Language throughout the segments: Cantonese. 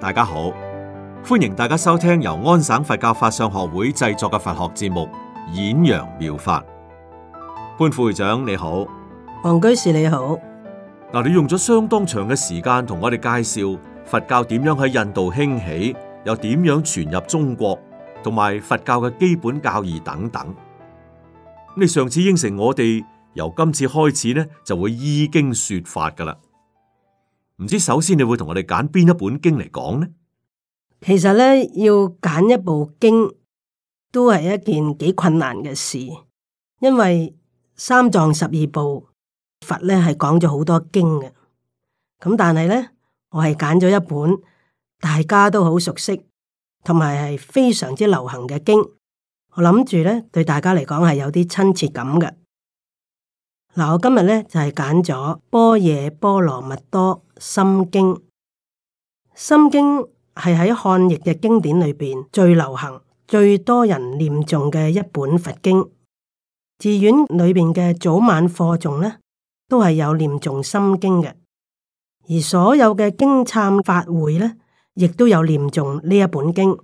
大家好，歡迎大家收聽由安省佛教法相學會製作嘅佛學節目《演揚妙法》。潘副會長你好，黃居士你好。嗱，你用咗相當長嘅時間同我哋介紹佛教點樣喺印度興起，又點樣傳入中國，同埋佛教嘅基本教義等等。你上次應承我哋，由今次開始呢就會依經說法噶啦。唔知首先你會同我哋揀邊一本經嚟講呢？其實咧，要揀一部經都係一件幾困難嘅事，因為三藏十二部佛咧係講咗好多經嘅。咁但係咧，我係揀咗一本大家都好熟悉同埋係非常之流行嘅經。我諗住咧，對大家嚟講係有啲親切感嘅。嗱，我今日咧就係揀咗《般若波羅蜜多》。心經，心經係喺漢譯嘅經典裏邊最流行、最多人念誦嘅一本佛經。寺院裏邊嘅早晚課誦呢，都係有念誦心經嘅。而所有嘅經懺法會呢，亦都有念誦呢一本經。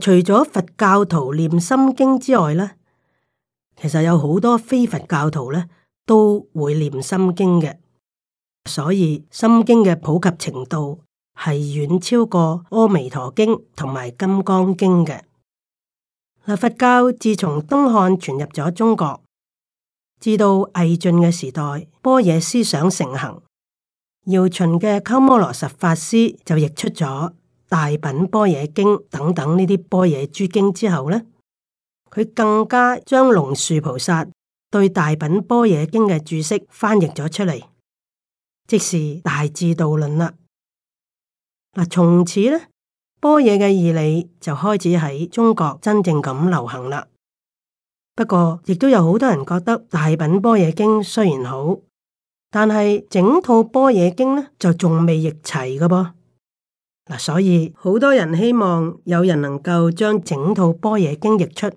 除咗佛教徒念心經之外呢，其實有好多非佛教徒呢，都會念心經嘅。所以《心經》嘅普及程度係遠超過《阿彌陀經》同埋《金剛經》嘅。佛教自從東漢傳入咗中國，至到魏晉嘅時代，般若思想盛行，姚秦嘅鳩摩羅什法師就譯出咗《大品般若經》等等呢啲般若諸經之後呢，佢更加將龍樹菩薩對《大品般若經》嘅注釋翻譯咗出嚟。即是大智度論啦。嗱，從此呢，般若嘅義理就開始喺中國真正咁流行啦。不過，亦都有好多人覺得大品般若經雖然好，但係整套般若經呢，就仲未譯齊嘅噃。嗱，所以好多人希望有人能夠將整套般若經譯出。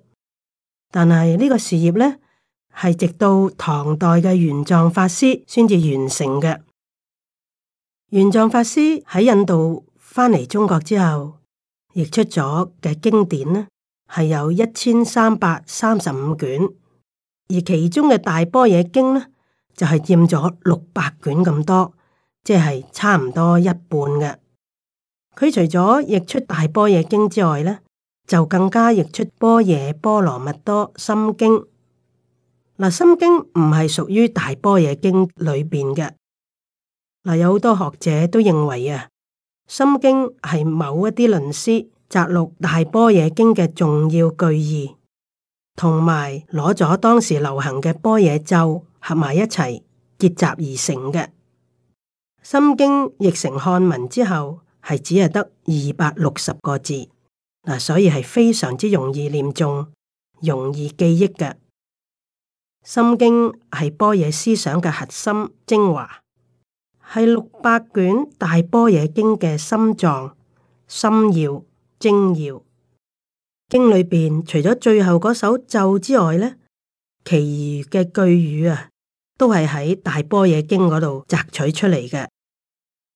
但係呢個事業呢，係直到唐代嘅玄奘法師先至完成嘅。玄奘法師喺印度返嚟中國之後，譯出咗嘅經典呢係有一千三百三十五卷，而其中嘅大般若經呢，就係佔咗六百卷咁多，即係差唔多一半嘅。佢除咗譯出大般若經之外呢，就更加譯出般若波羅蜜多心經。嗱，心經唔係屬於大般若經裏邊嘅。嗱，有好多學者都認為啊，《心經》係某一啲論師摘錄《大般若經》嘅重要句義，同埋攞咗當時流行嘅般若咒合埋一齊結集而成嘅。《心經》譯成漢文之後，係只係得二百六十個字，嗱，所以係非常之容易念誦、容易記憶嘅。《心經》係般若思想嘅核心精華。係六百卷大般若經嘅心臟、心要、精要。經裏邊，除咗最後嗰首咒之外咧，其餘嘅句語啊，都係喺大般若經嗰度摘取出嚟嘅，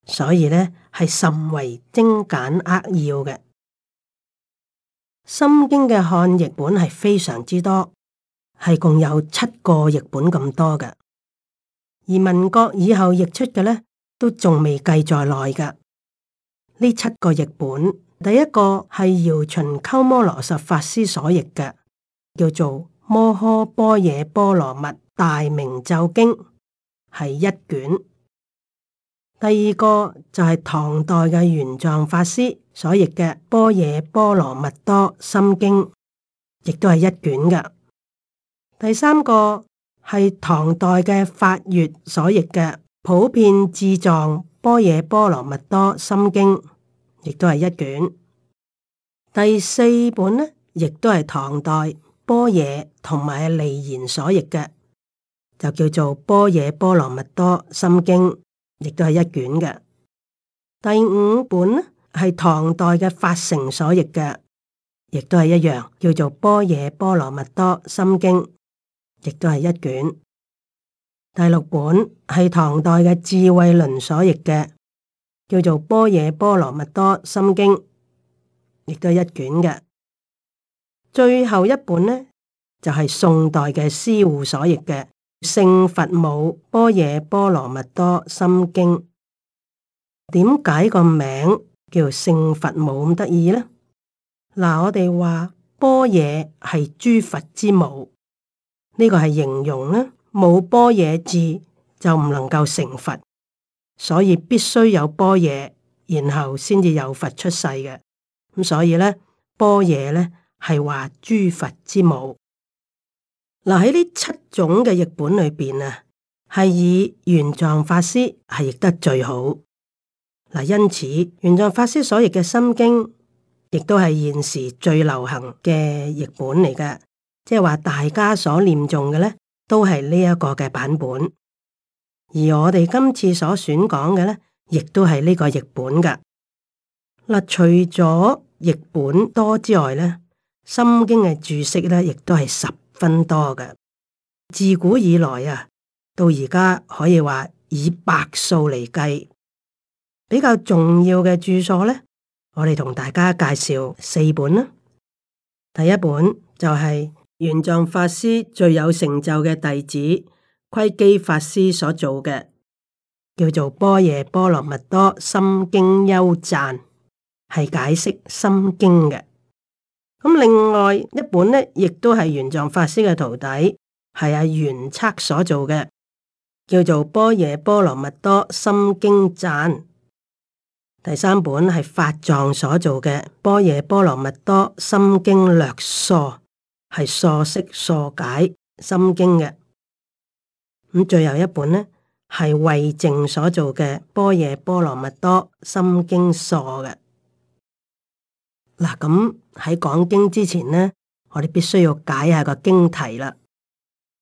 所以咧係甚為精簡扼要嘅。心經嘅漢譯本係非常之多，係共有七個譯本咁多嘅。而民國以後譯出嘅呢，都仲未計在內噶。呢七個譯本，第一個係姚秦鳩摩羅什法師所譯嘅，叫做《摩訶般若波羅蜜大明咒經》，係一卷。第二個就係唐代嘅玄奘法師所譯嘅《般若波羅蜜多心經》，亦都係一卷噶。第三個。係唐代嘅法月所譯嘅普遍智藏般若波羅蜜多心經，亦都係一卷。第四本呢，亦都係唐代般若同埋利言所譯嘅，就叫做般若波羅蜜多心經，亦都係一卷嘅。第五本呢，係唐代嘅法成所譯嘅，亦都係一樣，叫做般若波羅蜜多心經。亦都係一卷。第六本係唐代嘅智慧輪所譯嘅，叫做《般若波羅蜜多心經》，亦都係一卷嘅。最後一本呢，就係、是、宋代嘅施護所譯嘅《聖佛母般若波羅蜜多心經》。點解個名叫聖佛母咁得意呢？嗱，我哋話般若係諸佛之母。呢個係形容啦，冇般若智就唔能夠成佛，所以必須有般若，然後先至有佛出世嘅。咁所以咧，般若咧係話諸佛之母。嗱，喺呢七種嘅譯本裏邊啊，係以玄奘法師係譯得最好。嗱，因此玄奘法師所譯嘅《心經》，亦都係現時最流行嘅譯本嚟嘅。即係話大家所念誦嘅呢，都係呢一個嘅版本。而我哋今次所選講嘅呢，亦都係呢個譯本噶。嗱、啊，除咗譯本多之外呢，心經嘅註釋呢，亦都係十分多嘅。自古以來啊，到而家可以話以百數嚟計。比較重要嘅注疏呢，我哋同大家介紹四本啦。第一本就係、是。玄奘法師最有成就嘅弟子窺基法師所做嘅，叫做《般若波羅蜜多心經幽讚》，係解釋《心經》嘅。咁另外一本呢，亦都係玄奘法師嘅徒弟，係阿圓測所做嘅，叫做《般若波羅蜜多心經贊》。第三本係法藏所做嘅《般若波羅蜜多心經略疏》。係疏釋疏解心經嘅，咁最後一本呢係慧淨所做嘅《般若波羅蜜多心經疏》嘅。嗱、啊，咁喺講經之前呢，我哋必須要解一下一個經題啦。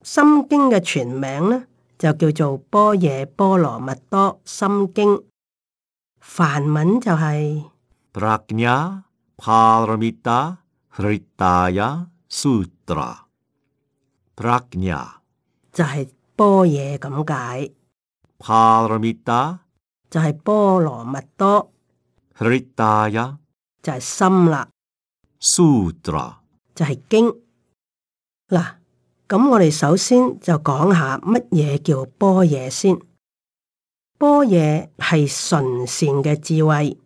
心經嘅全名呢就叫做《般若波羅蜜多心經》，梵文就係、是：Prajñā Pāramitā Hṛdaya。Sutra、Prajna 就係般若咁解，Paramita 就係波羅蜜多，Hridaya 就係心啦，Sutra 就係經。嗱，咁我哋首先就講下乜嘢叫般若先。般若係純善嘅智慧，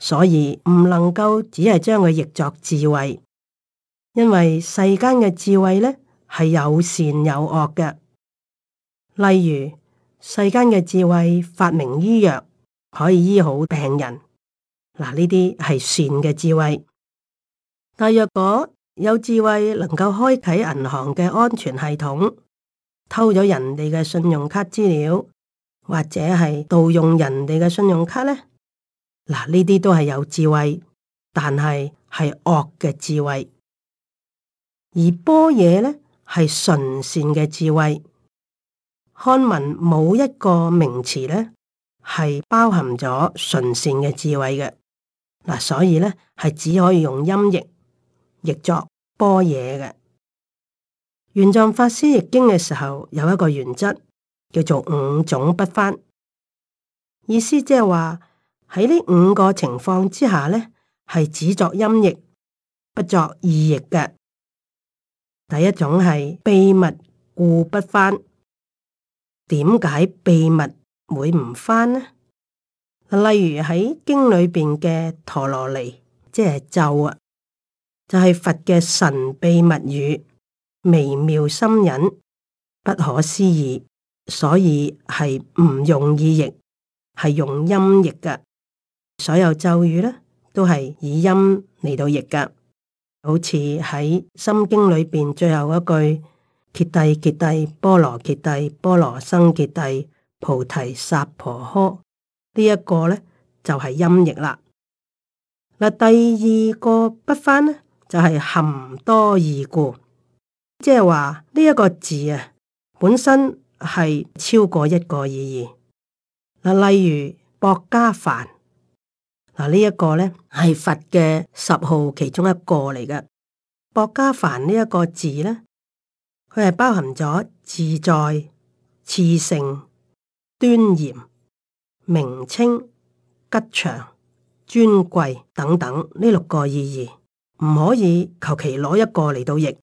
所以唔能夠只係將佢譯作智慧。因為世間嘅智慧呢係有善有惡嘅，例如世間嘅智慧發明醫藥可以醫好病人，嗱，呢啲係善嘅智慧。但若果有智慧能夠開啟銀行嘅安全系統，偷咗人哋嘅信用卡資料，或者係盜用人哋嘅信用卡呢，嗱，呢啲都係有智慧，但係係惡嘅智慧。而般若咧係純善嘅智慧，漢文冇一個名詞咧係包含咗純善嘅智慧嘅，嗱、啊、所以咧係只可以用音譯譯作般若嘅。玄奘法師譯經嘅時候有一個原則叫做五種不翻，意思即係話喺呢五個情況之下咧係只作音譯，不作意譯嘅。第一種係秘密返，故不翻。點解秘密會唔翻呢？例如喺經裏面嘅陀羅尼，即係咒啊，就係、是、佛嘅神秘密語，微妙深隱，不可思議，所以係唔用意譯，係用音譯嘅。所有咒語呢，都係以音嚟到譯噶。好似喺《心經》裏邊最後一句，揭諦揭諦，波羅揭諦，波羅僧揭諦，菩提薩婆訶。呢一個呢，就係音譯啦。嗱，第二個不翻呢，就係、是、含多義故，即係話呢一個字啊本身係超過一個意義。嗱，例如《薄伽梵》。嗱，呢一個咧係佛嘅十號其中一個嚟嘅。薄伽梵呢一個字咧，佢係包含咗自在、熾盛、端嚴、名稱、吉祥、尊貴等等呢六個意義，唔可以求其攞一個嚟到譯。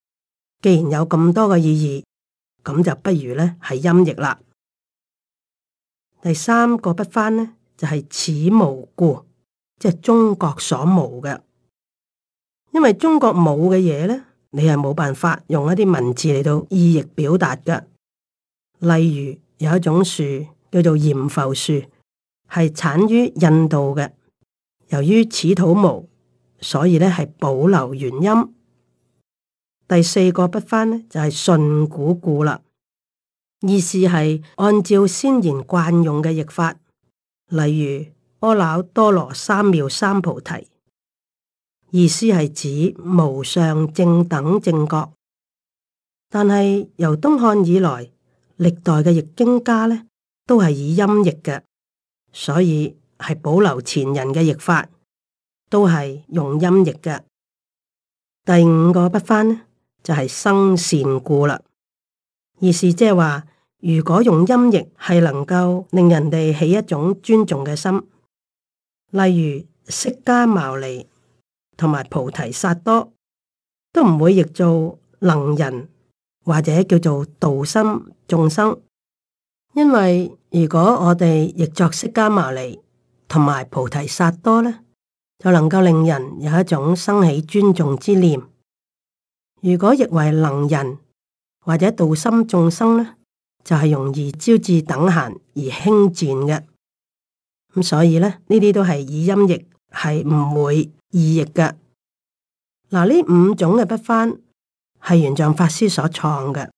既然有咁多嘅意義，咁就不如咧係音譯啦。第三個不翻咧就係、是、此無故。即係中國所無嘅，因為中國冇嘅嘢咧，你係冇辦法用一啲文字嚟到意譯表達噶例如有一種樹叫做閻浮樹，係產於印度嘅，由於此土無，所以咧係保留原音。第四個不翻咧就係、是、信古故啦，意思係按照先賢慣用嘅譯法，例如。阿耨多羅三藐三菩提，意思係指無上正等正覺。但係由東漢以來，歷代嘅譯經家呢都係以音譯嘅，所以係保留前人嘅譯法，都係用音譯嘅。第五個不翻呢，就係、是、生善故啦，意思即係話，如果用音譯係能夠令人哋起一種尊重嘅心。例如釋迦牟尼同埋菩提薩多，都唔會譯做能人或者叫做道心眾生，因為如果我哋譯作釋迦牟尼同埋菩提薩多咧，就能夠令人有一種生起尊重之念；如果譯為能人或者道心眾生咧，就係、是、容易招致等閒而輕賤嘅。咁、嗯、所以咧，呢啲都係以音譯係唔會意譯嘅。嗱，呢五種嘅不翻係玄奘法師所創嘅，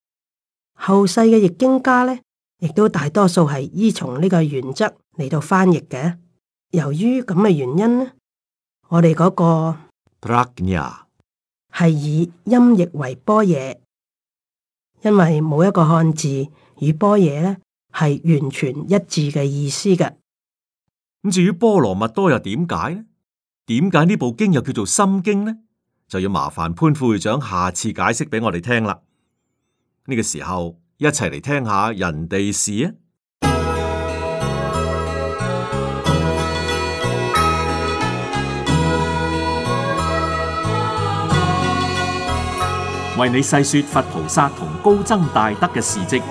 後世嘅譯經家咧，亦都大多數係依從呢個原則嚟到翻譯嘅。由於咁嘅原因咧，我哋嗰個係以音譯為般若，因為冇一個漢字與般若咧係完全一致嘅意思嘅。咁至於波羅蜜多又點解？點解呢部經又叫做心經呢？就要麻煩潘副會長下次解釋俾我哋聽啦。呢個時候一齊嚟聽下人哋事啊！為你細說佛菩薩同高僧大德嘅事跡，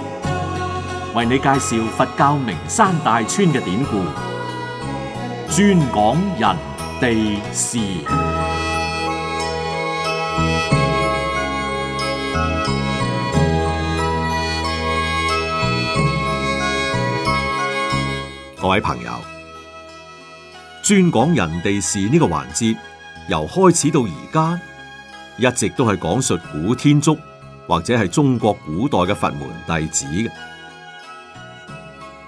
為你介紹佛教名山大川嘅典故。專講人地事，各位朋友，專講人地事呢個環節，由開始到而家，一直都係講述古天竺或者係中國古代嘅佛門弟子嘅。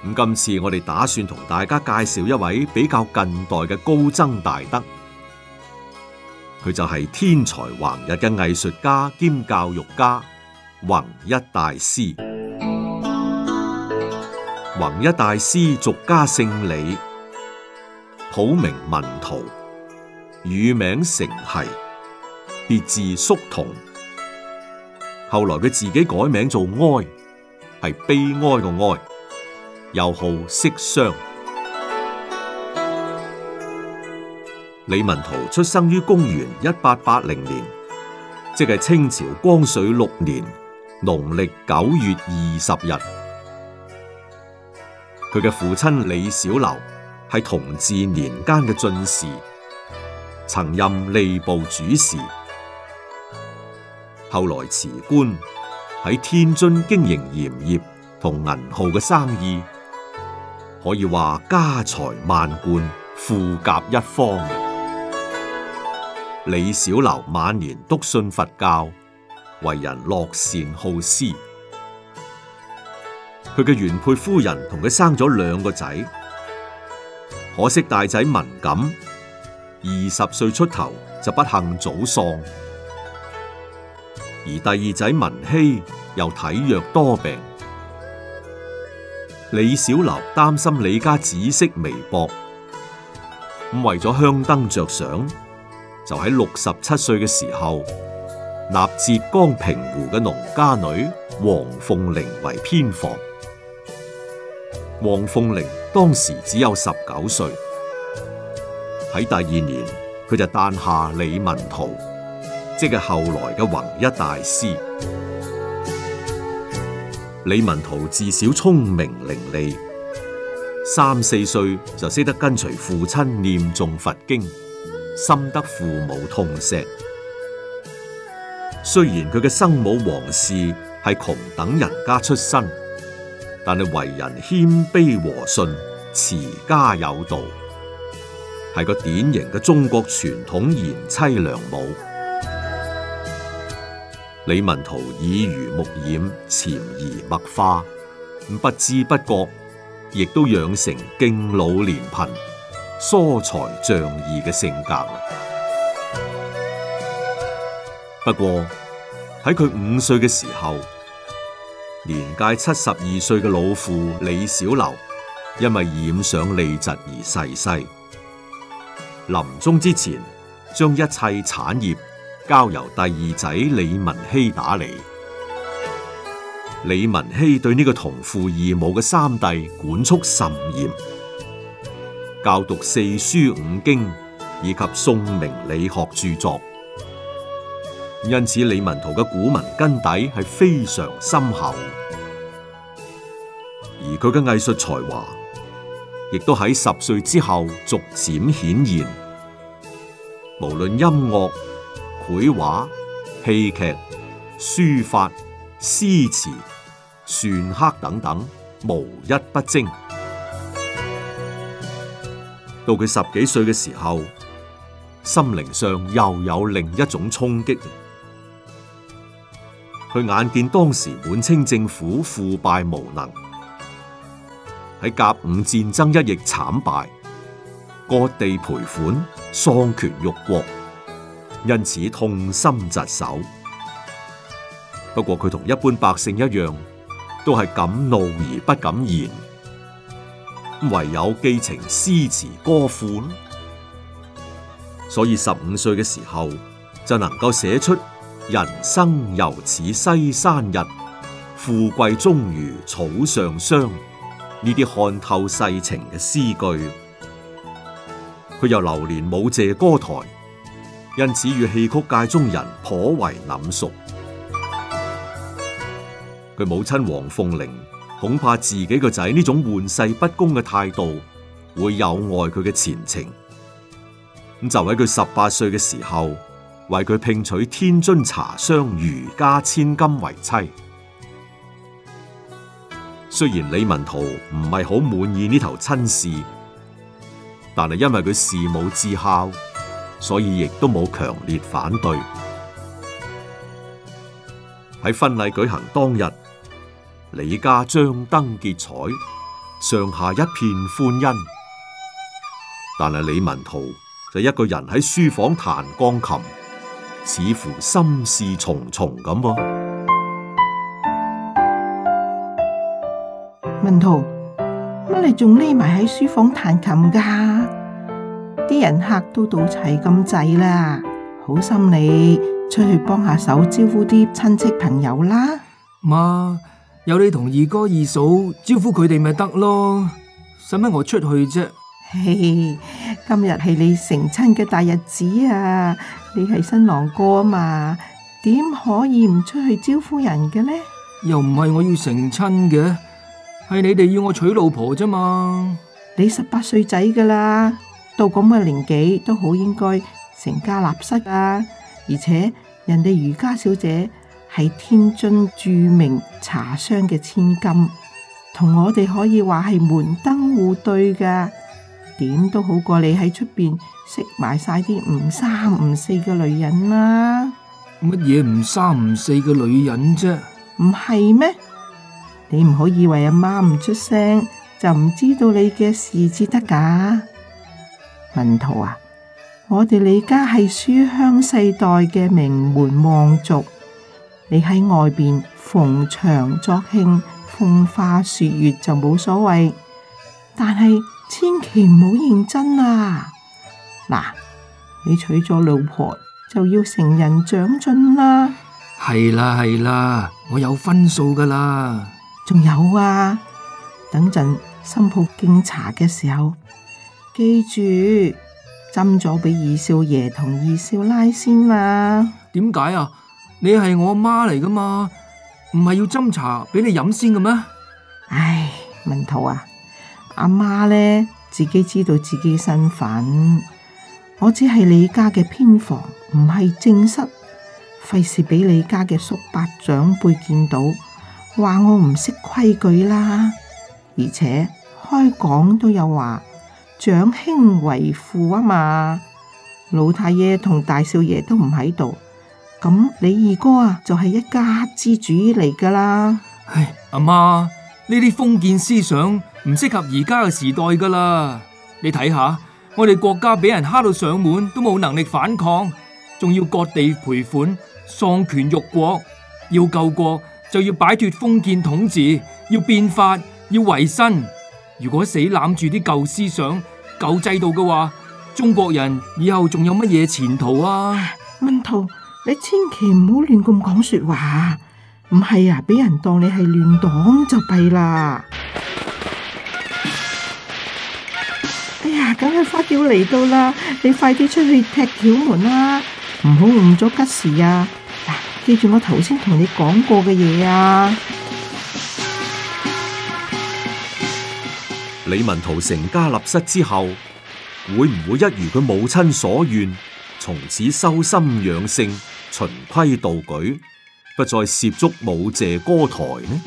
咁今次我哋打算同大家介紹一位比較近代嘅高僧大德，佢就係天才橫溢嘅藝術家兼教育家弘一大師。弘一大師俗家姓李，譜名文濤，乳名成蹊，別字叔同。後來佢自己改名做哀，係悲哀個哀。又號息商，李文濤出生於公元一八八零年，即係清朝光緒六年農曆九月二十日。佢嘅父親李小樓係同治年間嘅進士，曾任吏部主事，後來辭官喺天津經營鹽業同銀號嘅生意。可以話家財萬貫、富甲一方。李小樓晚年篤信佛教，為人樂善好施。佢嘅原配夫人同佢生咗兩個仔，可惜大仔文錦，二十歲出頭就不幸早喪，而第二仔文希，又體弱多病。李小樓擔心李家紫色微薄，咁為咗香燈着想，就喺六十七歲嘅時候，納浙江平湖嘅農家女王鳳玲為偏房。王鳳玲當時只有十九歲，喺第二年佢就誕下李文濤，即係後來嘅弘一大師。李文圖自小聰明伶俐，三四歲就識得跟隨父親念誦佛經，深得父母痛錫。雖然佢嘅生母王氏係窮等人家出身，但係為人謙卑和順，持家有道，係個典型嘅中國傳統賢妻良母。李文濤耳濡目染，潛移默化，不知不覺亦都養成敬老憐貧、疏財仗義嘅性格。不過喺佢五歲嘅時候，年屆七十二歲嘅老父李筱樓，因為染上痢疾而逝世，世。臨終之前，將一切產業。交由第二仔李文熙打理。李文熙對呢個同父異母嘅三弟管束甚嚴，教讀四書五經以及宋明理學著作，因此李文濤嘅古文根底係非常深厚，而佢嘅藝術才華亦都喺十歲之後逐漸顯現，無論音樂。繪畫、戲劇、書法、詩詞、篆刻等等，無一不精。到佢十幾歲嘅時候，心靈上又有另一種衝擊。佢眼見當時滿清政府腐敗無能，喺甲午戰爭一役慘敗，割地賠款，喪權辱國。因此痛心疾首。不過佢同一般百姓一樣，都係敢怒而不敢言，唯有寄情詩詞歌賦啦。所以十五歲嘅時候就能夠寫出“人生猶似西山日，富貴終如草上霜”呢啲看透世情嘅詩句。佢又流連舞榭歌台。因此，與戲曲界中人頗為稔熟。佢母親王鳳玲恐怕自己個仔呢種玩世不恭嘅態度會有礙佢嘅前程，咁就喺佢十八歲嘅時候，為佢聘娶天津茶商俞家千金為妻。雖然李文濤唔係好滿意呢頭親事，但係因為佢事母至孝。所以亦都冇強烈反對。喺婚禮舉行當日，李家張燈結綵，上下一片歡欣。但係李文濤就一個人喺書房彈鋼琴，似乎心事重重咁噃。文濤，乜你仲匿埋喺書房彈琴噶？人客都到齊咁滯啦，好心你出去幫下手招呼啲親戚朋友啦。媽，有你同二哥二嫂招呼佢哋咪得咯，使乜我出去啫？嘿、嘿，今日係你成親嘅大日子啊！你係新郎哥啊嘛，點可以唔出去招呼人嘅呢？又唔係我要成親嘅，係你哋要我娶老婆咋嘛？你十八歲仔噶啦。到咁嘅年紀都好應該成家立室啊。而且人哋俞家小姐係天津著名茶商嘅千金，同我哋可以話係門當戶對噶，點都好過你喺出邊識埋晒啲唔三唔四嘅女人啦。乜嘢唔三唔四嘅女人啫？唔係咩？你唔好以為阿媽唔出聲就唔知道你嘅事至得噶。文濤啊，我哋李家係書香世代嘅名門望族，你喺外邊逢場作興、風花雪月就冇所謂，但係千祈唔好認真啊！嗱，你娶咗老婆就要成人長進啦。係啦係啦，我有分數噶啦。仲有啊，等陣新抱敬茶嘅時候。記住斟咗俾二少爺同二少奶先啦。點解啊？你係我媽嚟噶嘛？唔係要斟茶俾你飲先嘅咩？唉，文濤啊，阿媽呢，自己知道自己身份，我只係你家嘅偏房，唔係正室，費事俾你家嘅叔伯長輩見到，話我唔識規矩啦。而且開講都有話。長兄為父啊嘛，老太爺同大少爺都唔喺度，咁你二哥啊就係一家之主嚟噶啦。唉，阿媽呢啲封建思想唔適合而家嘅時代噶啦。你睇下，我哋國家俾人蝦到上門都冇能力反抗，仲要割地賠款喪權辱國，要救國就要擺脱封建統治，要變法，要維新。如果死攬住啲舊思想、舊制度嘅話，中國人以後仲有乜嘢前途啊？啊文濤，你千祈唔好亂咁講說話，唔係啊，俾人當你係亂黨就弊啦。 哎呀，梗係花轎嚟到啦，你快啲出去踢轎門啦，啊，唔好誤咗吉時啊！嗱，啊，記住我頭先同你講過嘅嘢啊！李文濤成家立室之後，會唔會一如佢母親所願，從此修心養性、循規蹈矩，不再涉足舞榭歌台呢？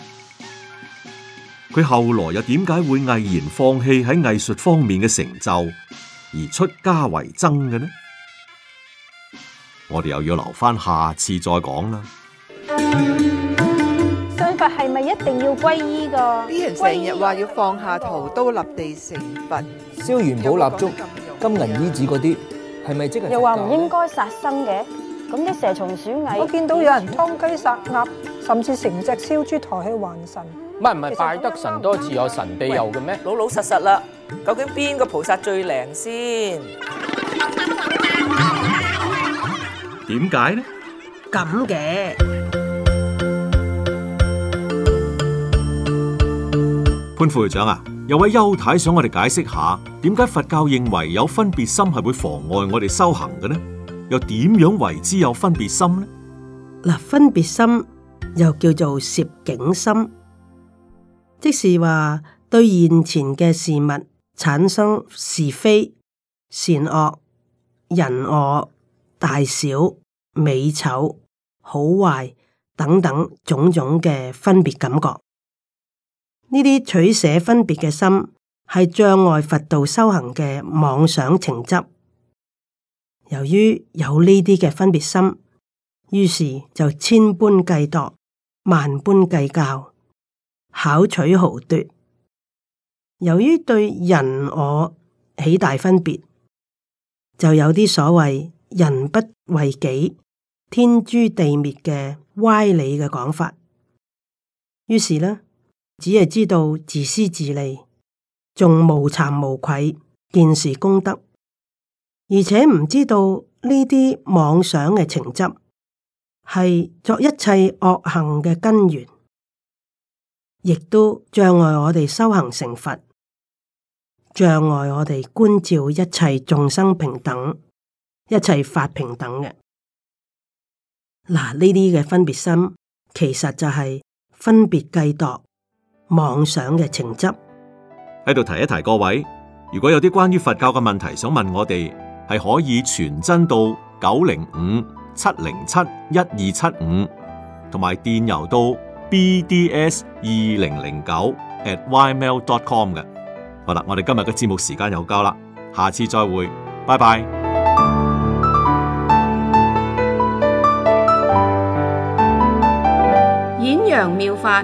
佢後來又點解會毅然放棄喺藝術方面嘅成就，而出家為僧嘅呢？我哋又要留翻下，下次再講啦。係咪一定要皈依㗎？成日話要放下屠刀立地成佛，燒元寶蠟燭、金銀衣紙嗰啲，係咪即係？又話唔應該殺生嘅，咁啲蛇蟲鼠蟻，我見到有人劏雞殺鴨，甚至成隻燒豬抬去還神。唔係唔係，拜得神多自有神庇佑嘅咩？老老實實啦，究竟邊個菩薩最靈先？點解呢？咁嘅。潘副會長啊，有位邱太想我哋解釋下，點解佛教認為有分別心係會妨礙我哋修行嘅呢？又點樣為之有分別心呢？嗱，分別心又叫做涉境心，即是話對現前嘅事物產生是非、善惡、人我、大小、美醜、好壞等等種種嘅分別感覺。呢啲取捨分別嘅心，係障礙佛道修行嘅妄想情執。由於有呢啲嘅分別心，於是就千般計度，萬般計較，巧取豪奪。由於對人我起大分別，就有啲所謂人不為己，天誅地滅嘅歪理嘅講法。於是呢。只係知道自私自利，仲無慚無愧，見是功德，而且唔知道呢啲妄想嘅情執係作一切惡行嘅根源，亦都障礙我哋修行成佛，障礙我哋觀照一切眾生平等，一切法平等嘅。嗱，呢啲嘅分別心，其實就係分別計度。妄想嘅情執，喺度提一提各位，如果有啲關於佛教嘅問題想問我哋，係可以傳真到九零五七零七一二七五，同埋電郵到 bds 二零零九 @ymail.com 嘅。好啦，我哋今日嘅節目時間又夠啦，下次再會，拜拜。演揚妙法，